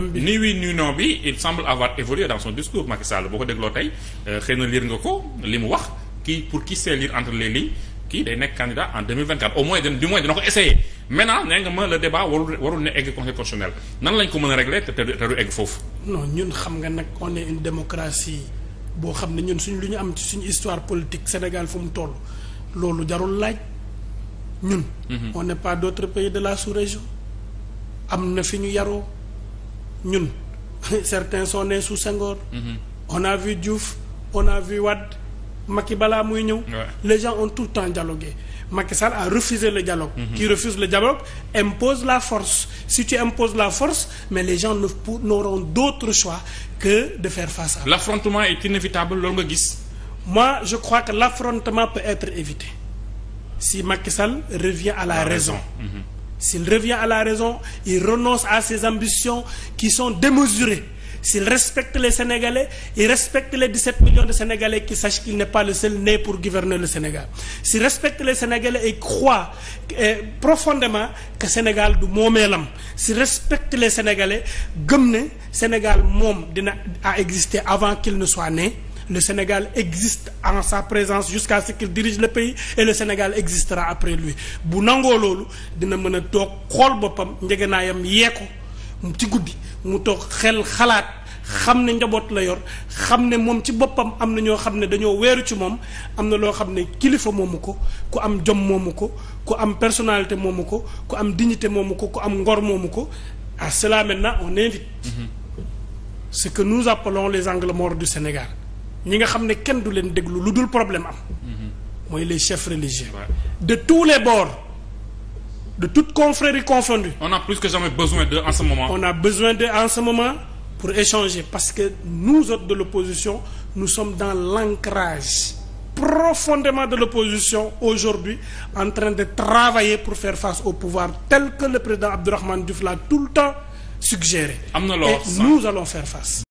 ni oui ni non bi il semble avoir évolué dans son discours Macky Sall boo ko dégloo tey euh, xëy na lire nga ko li mu wax kii pour qui sait lire entre les lignes kii day nekk candidat en au moins du moins dina ko essayer maintenant nee nga ma le débat warul ne egg conseil constitutionnel nan lañ ko mën a régler te te du egg foofu. non ñun xam nga nag on une démocratie boo xam ne ñun suñ lu ñu am ci suñu histoire politique Sénégal fu mu toll loolu jarul laaj ñun. Mhm. on n'est la sous-région am na fi ñu yaroo. ñun certains sont nés sous Senghor. Mhm. on a vu Diouf on a vu balaa muy ñëw. les gens ont tout le temps dialogué. Macky Sall a refusé le dialogue. Mm -hmm. le dialogue impose la force si tu imposes la force mais les gens ne n'auront d'autre choix que de faire face à. l'affrontement est inévitable loolu nga gis. moi je crois que l'affrontement peut être évité si Macky Sall revient à la, la raison. Mhm. S'il revient à la raison, il renonce à ses ambitions qui sont démesurées. S'il respecte les Sénégalais, il respecte les 17 millions de Sénégalais qui sachent qu'il n'est pas le seul né pour gouverner le Sénégal. S'il respecte les Sénégalais et croit eh, profondément que Sénégal du moomeelam s'il respecte les Sénégalais gëm ne Sénégal moom dina à existé avant qu'il ne soit né le Sénégal existe en sa présence jusqu'à ce qu'il dirige le pays et le Sénégal existera après lui bu nangoo loolu dina mën a toog xool boppam njëgënaayam yee ko ci guddi mu toog xel xalaat xam ne njaboot la yor xam ne moom ci boppam am na ñoo xam ne dañoo weeru ci moom am na loo xam ne kilifa moomu ko ku am jom moomu ko ku am personnalité moomu ko ku am dignité moomu ko ku am ngor moomu ko à cela maintenant on invite mm -hmm. ce que nous appelons les angles morts du Sénégal ñi nga xam ne kenn du leen déglu lu dul problème am mm-hmm. mooy les chefs religieux de tous les bords de toute confrérie confondue on a plus que jamais besoin de en ce moment on a besoin d'eux en ce moment pour échanger parce que nous autres de l'opposition nous sommes dans l'ancrage profondément de l'opposition aujourd'hui en train de travailler pour faire face au pouvoir tel que le président Abdourahmane Diouf tout le temps suggéré am na loo et nous allons faire face